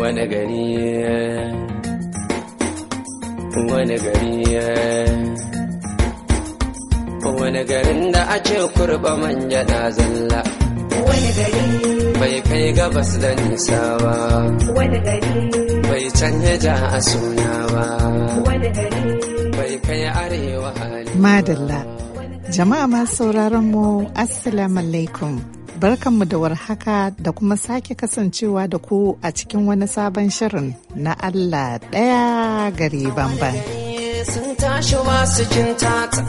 wani gari wani gari wani garin da a ce kurba manja na zalla wani gari bai kai gabas da nisa ba wani gari bai canye ja a suna ba wani gari bai kai arewa hali madalla jama'a masu sauraron mu assalamu alaikum Barkanmu da warhaka da kuma sake kasancewa da ku a cikin wani sabon shirin na Allah ɗaya gari bambam. tashi masu jin tata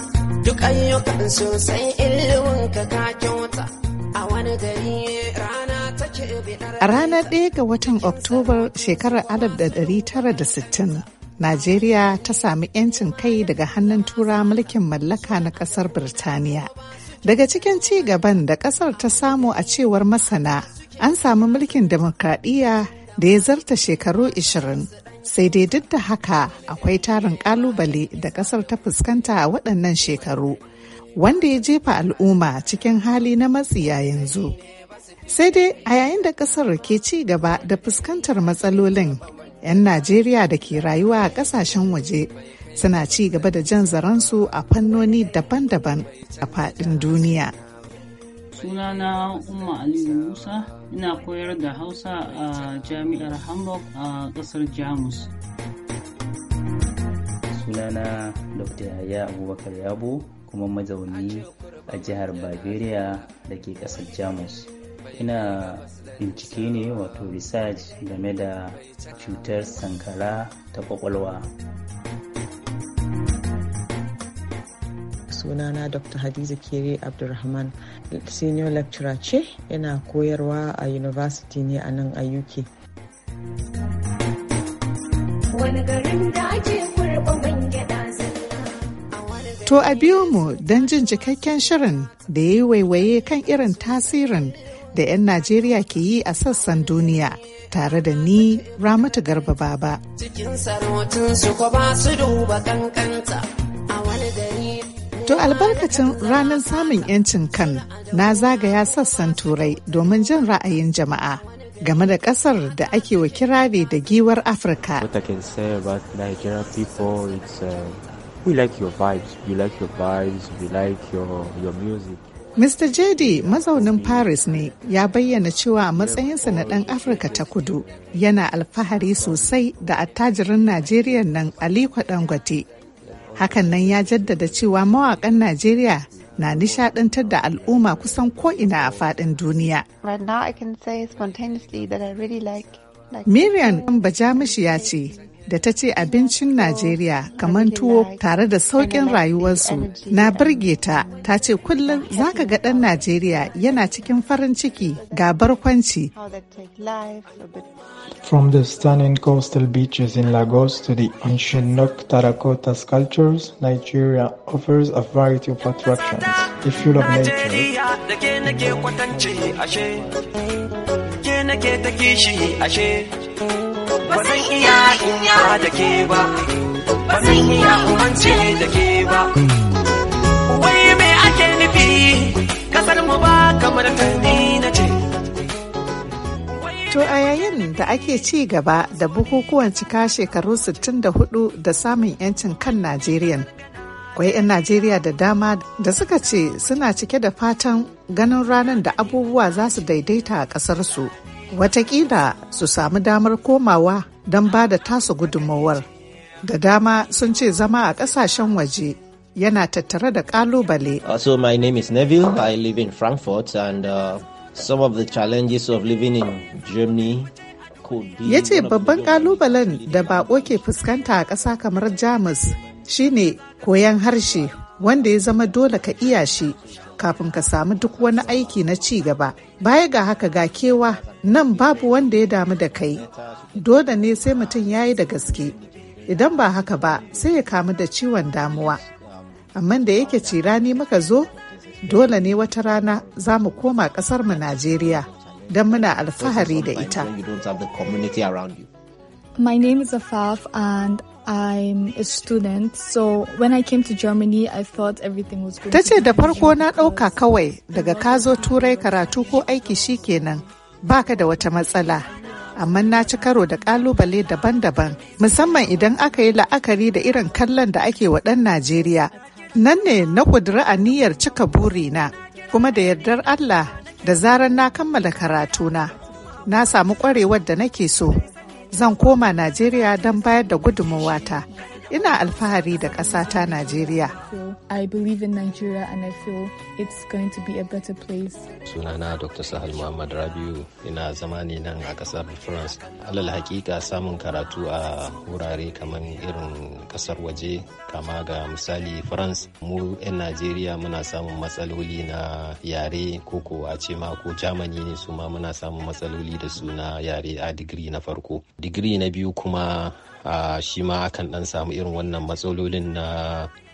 a ranar ɗaya ga watan Oktobar shekarar 1960, Najeriya ta sami 'yancin kai daga hannun tura mulkin mallaka na ƙasar Birtaniya. Daga cikin ci gaban da ƙasar ta samu a cewar masana, an samu mulkin demokradiyya da ya zarta shekaru 20. Sai dai duk da haka akwai tarin ƙalubale da ƙasar ta fuskanta a waɗannan shekaru, wanda ya jefa al'umma cikin hali na matsiya yanzu. Sai dai a yayin da ƙasar ke ci gaba da fuskantar matsalolin, 'yan Najeriya da ke rayuwa a ƙasashen waje suna ci gaba da jan zaransu a fannoni daban-daban a faɗin duniya. sunana umma aliyu musa ina koyar da hausa a jami'ar hamburg a ƙasar jamus sunana dr yahaya abubakar yabo kuma mazauni a jihar bavaria da ke ƙasar jamus ina bincike ne wato research game da cutar sankara ta kwakwalwa sunana dr hadiza kere abdulrahman senior lecturer ce yana koyarwa a university ne a nan a uk To a biyo mu don jin cikakken shirin da ya yi waiwaye kan irin tasirin da 'yan Najeriya ke yi a sassan duniya tare da ni Ramatu Garba Baba. Cikin sarautun su ba su duba kankanta a wani gari To albarkacin ranar samun 'yancin kan na zagaya sassan turai domin jin ra'ayin jama'a game da kasar da ake wa kirari da giwar Afirka. Uh, Mr. Jedi mazaunin Paris ne ya bayyana cewa a matsayinsa na ɗan Afirka ta kudu yana alfahari sosai da attajirin Najeriya nan Aliko Dangote hakan nan ya jaddada cewa mawakan najeriya na nishadantar da al'umma kusan ko'ina a faɗin duniya miriam bajamishi ya ce da ta ce abincin Najeriya kamar tuwo tare da sauƙin rayuwarsu na birge ta ta ce kullum za ka ga ɗan Najeriya yana cikin farin ciki ga barkwanci. From the stunning coastal beaches in Lagos to the ancient Nok terracotta sculptures, Nigeria offers a variety of attractions. the fuel of nature, zan iya da ba ba iya umance da ba wai me ake nufi kasar ba kamar tani na ce To a yayin da ake ci gaba da bukukuwan cika shekaru 64 da samun 'yancin kan Najeriya. Kwai 'yan Najeriya da dama da suka ce suna cike da fatan ganin ranar da abubuwa za su daidaita a ƙasarsu. Wataƙila su samu damar komawa don ba da tasa gudunmawar. Da dama sun ce zama a ƙasashen waje yana tattare da ƙalubale. Uh, so my name is Neville, I live in Frankfurt and uh, some of the challenges of living in Germany ya ce babban kalubalen da bako ke fuskanta a ƙasa kamar jamus shine koyan harshe wanda ya zama dole ka iya shi kafin ka samu duk wani aiki na ci gaba baya ga haka ga kewa nan babu wanda ya damu da kai dole ne sai mutum ya yi da gaske idan ba haka ba sai ya kamu da ciwon damuwa amma da yake ci rani muka zo dole ne wata rana za mu koma ƙasar mu najeriya don muna alfahari da ita My name is Afaf and I'm a student, so when I came to Germany, I thought everything was good. Ta da farko na ɗauka kawai daga ka zo turai karatu ko aiki shi kenan baka da wata matsala. Amma na ci karo da ƙalubale daban-daban, musamman idan aka yi la'akari da irin kallon da ake wa ɗan Najeriya. Nan ne na ƙudura aniyar cika burina, kuma da yardar Allah da zarar na kammala karatuna. Na samu ƙwarewar da nake so, zan koma Najeriya don bayar da gudunmawata. Ina alfahari da ƙasa ta Najeriya. I believe in Nigeria and I feel it's going to be a better place. Sunana Dr. Sahal Muhammad Rabiu ina zama ne nan a ƙasar France. Alal hakika samun karatu a wurare kamar irin ƙasar waje kama ga misali France mu 'yan Najeriya muna samun matsaloli na yare ko ko a ce ma ko Germany ne su ma muna samun matsaloli da su na yare a digiri na farko. Digiri na biyu kuma shi ma akan dan samu irin wannan matsalolin na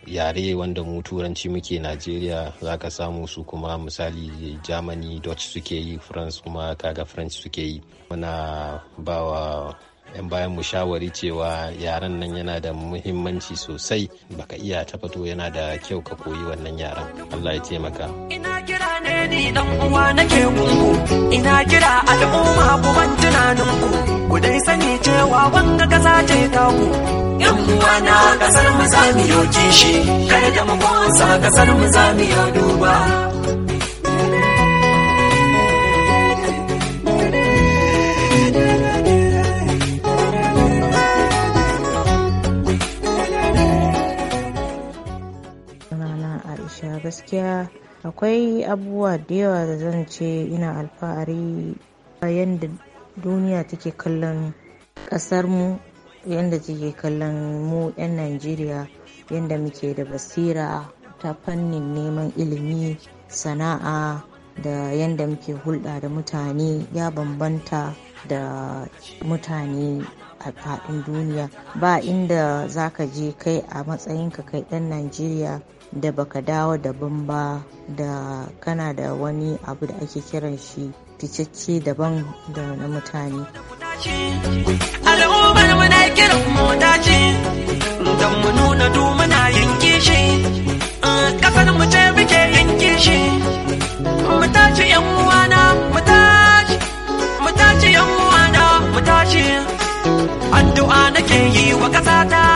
yare wanda mu turanci muke najeriya za ka samu su kuma misali germany dutch suke yi france kuma kaga french suke yi muna bawa 'yan bayan mu shawari cewa yaren nan yana da muhimmanci sosai baka iya ta yana da kyau ka koyi wannan yaren allah ya taimaka ni dan uwa nake gungu ina kira al'umma ku ban tunanin ku ku dai sani cewa wanga kasa ce ta ku yan uwa na kasar mu za mu yoki shi kada da mu sa kasar mu za mu ya duba gaskiya akwai abubuwa da yawa da zan ce ina alfahari yadda duniya take kallon mu yadda take kallon mu 'yan najeriya yadda muke da basira ta fannin neman ilimi sana'a da yadda muke hulɗa da mutane ya bambanta da mutane a faɗin duniya ba inda za ka je kai a matsayinka kai ɗan najeriya da baka dawo daban ba da kana da wani abu da ake kiran shi ficicce daban da na mutane. Al'ummar muna kiran mota ce, don mu nuna du muna yanke shi, ƙasar mu ce muke yanke shi. Mu tashi ‘yan uwana, mu tashi, mu tashi ‘yan uwana, mu tashi. Addu'a nake yi wa ƙasata.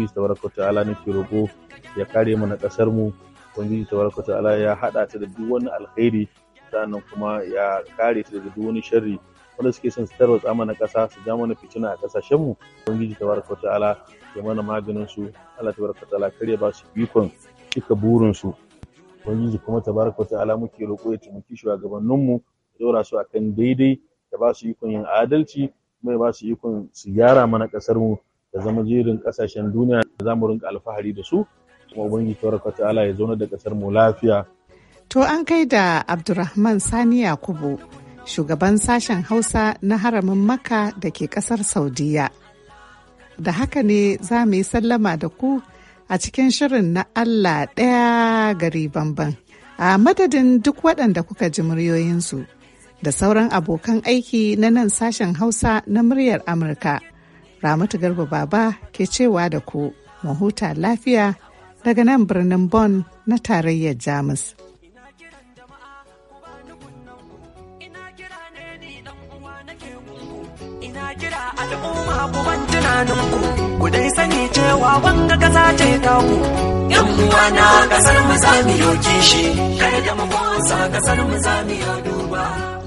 ubangiji tabaraka ta'ala nake roƙo ya kare mu na ƙasar mu ubangiji tabaraka ta'ala ya haɗa ta da duk wani alkhairi sannan kuma ya kare ta da duk wani sharri wanda suke son su tarwatsa mana ƙasa su ja mana fitina a ƙasashen mu ubangiji tabaraka ta'ala ya mana maganin su Allah tabaraka ta'ala kare ba su bikon cika burin su ubangiji kuma tabaraka ta'ala muke roƙo ya taimaki shugabannin mu dora su akan daidai ya ba su ikon yin adalci kuma ya ba su ikon su gyara mana ƙasar mu da zama jerin kasashen duniya da za mu rinka alfahari da su kuma ubangiji tabaraka ta'ala ya zauna da kasar mu lafiya to an kai da abdurrahman sani yakubu shugaban sashen hausa na haramin maka da ke kasar saudiya da haka ne za mu yi sallama da ku a cikin shirin na allah ɗaya gari banban, a madadin duk waɗanda kuka ji muryoyinsu da sauran abokan aiki na nan sashen hausa na muryar amurka Ramatu Garba Baba ke cewa da ku mu huta lafiya daga nan birnin Bonn na tarayyar Jamus. Ina kira uwa Ina kira al'umma ku ban tunaninku, ku dai sani cewa wanga kasa ce taku. Yan uwa na kasar mu za mu yoke shi, kai da mu mu za mu duba.